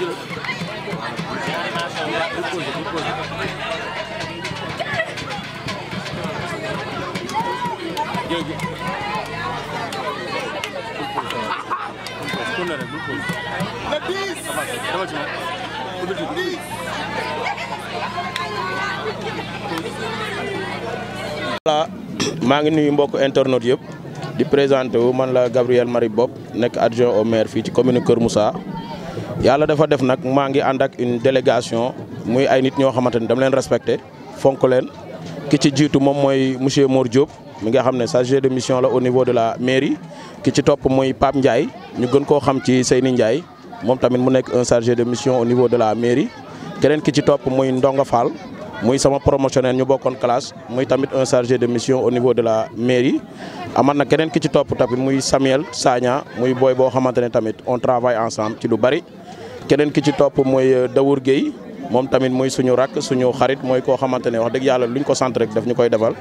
voilà maa ngi nuyu mbokk internet yeb di présenter wu man la Gabriel Marie Bob nek adjoint au maire fi ci commune Kër Moussa yalla dafa def nak maa ngi ànd une délégation muy ay nit ñoo xamante ni leen respecté fonk leen ki ci jitu mom moy monsieur Mor Diop mi nga xam chargé de mission la au niveau de la mairie ki ci top moy Pape Ndiaye ñu gën ko xam ci Seyni Ndiaye mom tamit mu nekk un chargé de mission au niveau de la mairie keneen ki ci top moy Ndonga Fall muy sama promotionnel ñu bokkon classe muy tamit un chargé de mission au niveau de la mairie amana na keneen ki ci top tamit moy Samuel Sagna muy boy bo xamantene tamit on travaille ensemble ci lu bari keneen ki ci topp mooy euh, Dawour Gueye moom tamit mooy suñu rakk suñu xarit mooy koo xamante ne wax dëgg yàlla luñ ko sant rek daf ñu koy defal.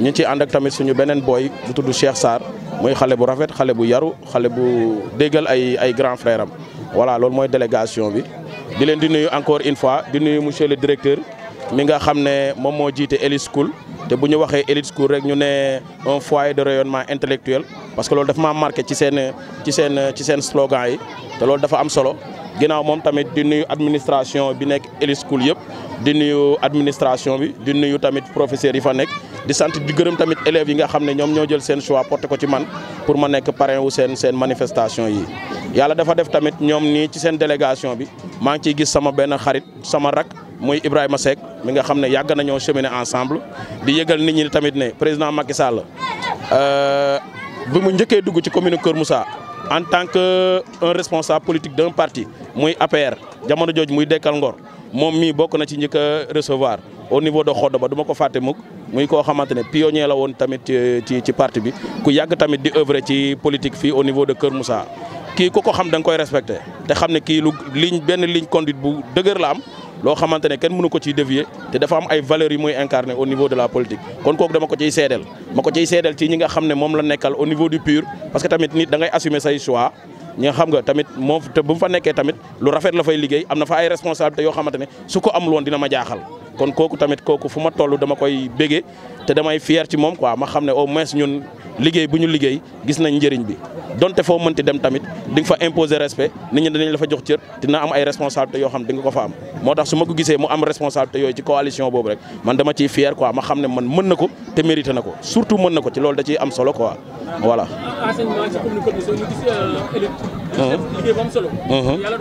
ñu ci ànd ak tamit suñu beneen booy bu tudd Cheikh Sarr muy xale bu rafet xale bu yaru xale bu dégal ay ay grand frère am voilà loolu mooy délégation bi. di leen di nuyu encore une fois di nuyu monsieur le directeur mi nga xam ne moom moo jiite Elite School te bu ñu waxee Elite School rek ñu ne un fois de rayonnement intellectuel parce que loolu dafa maa ci seen ci seen ci seen te loolu dafa am solo. ginnaaw moom tamit di nuyu administration bi nekk Eli School yëpp di nuyu administration bi di nuyu tamit professeurs yi fa nekk di sant di gërëm tamit élèves yi nga xam ne ñoom ñoo jël seen choix porté ko ci man pour ma nekk parrain wu seen seen manifestation yi yàlla dafa def tamit ñoom nii ci seen délégation bi maa ngi ciy gis sama benn xarit sama rak muy Ibrahima Seck mi nga xam ne yàgg nañoo cheminer ensemble di yëgal nit ñi tamit ne président Macky Sall euh, bi mu njëkkee dugg ci commune Kër Moussa en tant que un responsable politique d'un parti muy APR jamono jooju muy dekkal ngor moom mii bokk na ci ñi ko recevoir au niveau de xodd ba du ma ko fàtte mukk muy koo xamante ne pionnier la woon tamit ci ci parti bi ku yàgg tamit di œuvre ci politique fii au niveau de Kër Moussa kii ko ko xam da nga koy respecté te xam ne kii lu liñ benn liñ conduite bu dëgër la am loo xamante ne kenn mënu ko ciy dévier te dafa am ay valeur yi muy incarné au niveau de la politique kon kooku dama ko ciy seedeel ma ko ciy seedeel ci ñi nga xam ne moom la nekkal au niveau du PUR parce que tamit nit da ngay assumer say choix ñi nga xam nga tamit moom te bu mu fa nekkee tamit lu rafet la fay liggéey am na fa ay responsabilités yoo xamante ne su ko amul woon dina ma jaaxal kon kooku tamit kooku fu ma toll dama koy bége te damay fier ci moom quoi ma xam ne au moins ñun liggéey bu ñu liggéey gis nañ njëriñ bi donte foo mënti dem tamit di nga fa imposer respect ni ñi dinañ la fa jox cër dina am ay responsabilité yoo xam di nga ko fa am moo tax su ma ko gisee mu am responsabilité yooyu ci coalition boobu rek man dama ciy fier quoi ma xam ne man mën na ko te mérité na ko surtout mën na ko ci loolu da am solo quoi voilà. enseignement ci euh, am solo. yàlla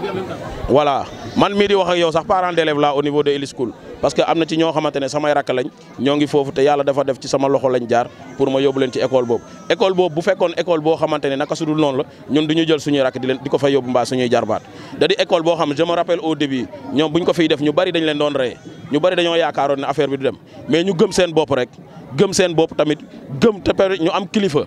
bi voilà man mii di wax ak yow sax parent d'élève la au niveau de Elite School parce que am na ci ñoo xamante ne samay rakk lañ ñoo ngi foofu te yàlla dafa def ci sama loxo lañ jaar pour ma yóbbu leen ci école boobu école boobu bu fekkoon école boo xamante ne naka sudul noonu la ñun du ñu jël suñuy rakk di ko fa yóbbu mbaa suñuy jarbaat da di école boo xam ne je me rappelle au début ñoom bu ñu ko fiy def ñu bari dañ leen doon rey ñu bari dañoo yaakaaroon ne affaire bi du dem mais ñu gëm seen bopp rek seen bopp tamit gëm te ñu am kilifa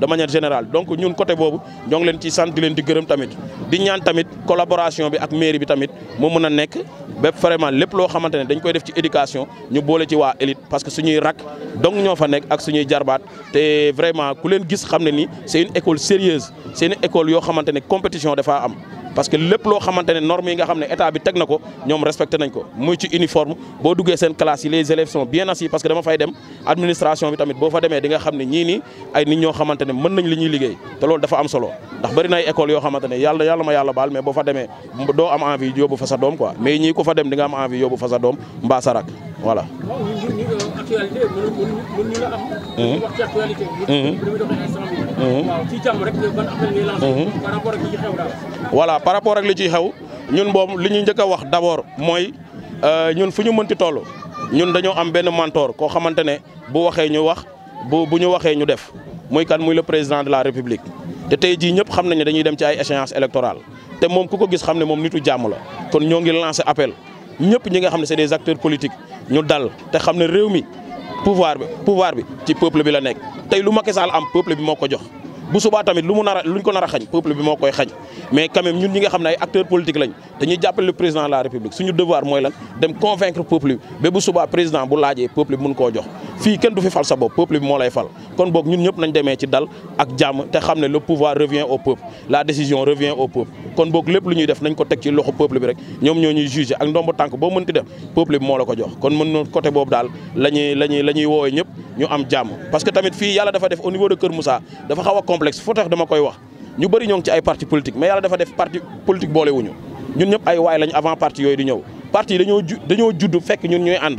de manière générale donc nous, côté des ñoo leen ci sante tamit collaboration avec ak mairie bi tamit vraiment lepp lo xamantene dañ koy def ci éducation parce que suñuy rak donc ak suñuy vraiment gis c'est une école sérieuse c'est une école qui a compétition des am parce que lépp loo xamante ne normes yi nga xam ne état bi teg na ko ñoom respecté nañ ko muy ci uniforme boo duggee seen classe yi les élèves sont bien assis parce que dama fay dem administration bi tamit boo fa demee di xam ne ñii nii ay nit ñoo xamante ne mën nañ liggéey te loolu dafa am solo ndax bëri na ay école yoo xamante ne yàlla yàlla ma yàlla baal mais boo fa demee doo am envie yóbbu fa sa doom quoi mais ñii ku fa dem di am envie yóbbu fa sa doom actualité par rapport ak li ci xew voilà par rapport ak li ciy xew ñun boobu li ñu njëkk wax d' abord mooy euh, ñun fu ñu mënti toll ñun dañoo am benn mentor koo xamante ne bu waxee ñu wax bu bu ñu waxee ñu def muy kan muy le président de la république. te tey jii ñëpp xam nañ ne dañuy dem ci ay échéance électorale te moom ku ko gis xam ne moom nitu jàmm la kon ñoo ngi lancer appel ñëpp ñi nga xam ne c'est des acteurs politiques. Nous dal te le pouvoir bi pouvoir bi ci peuple bi la nek am peuple bi jox bu tamit peuple mais quand même ñun ñi nga acteurs politiques Nous dañuy le président de la république suñu devoir de lan dem convaincre peuple bi le président peuple bi le kenn du fi peuple bi moo lay fal kon dal le pouvoir revient au peuple la décision revient au peuple Quand boog lépp lu ñuy nous nañ ko peuple bi rek ñoom ñoo juger nous ak le peuple bi le la ko jox kon côté nous devons la ñuy parce que tamit au niveau de Cœur Moussa dafa xaw complexe foo dama koy wax ñu Nous ci ay parti politique mais yàlla dafa def parti politique politiques. ñun ay avant parti partis. partis parti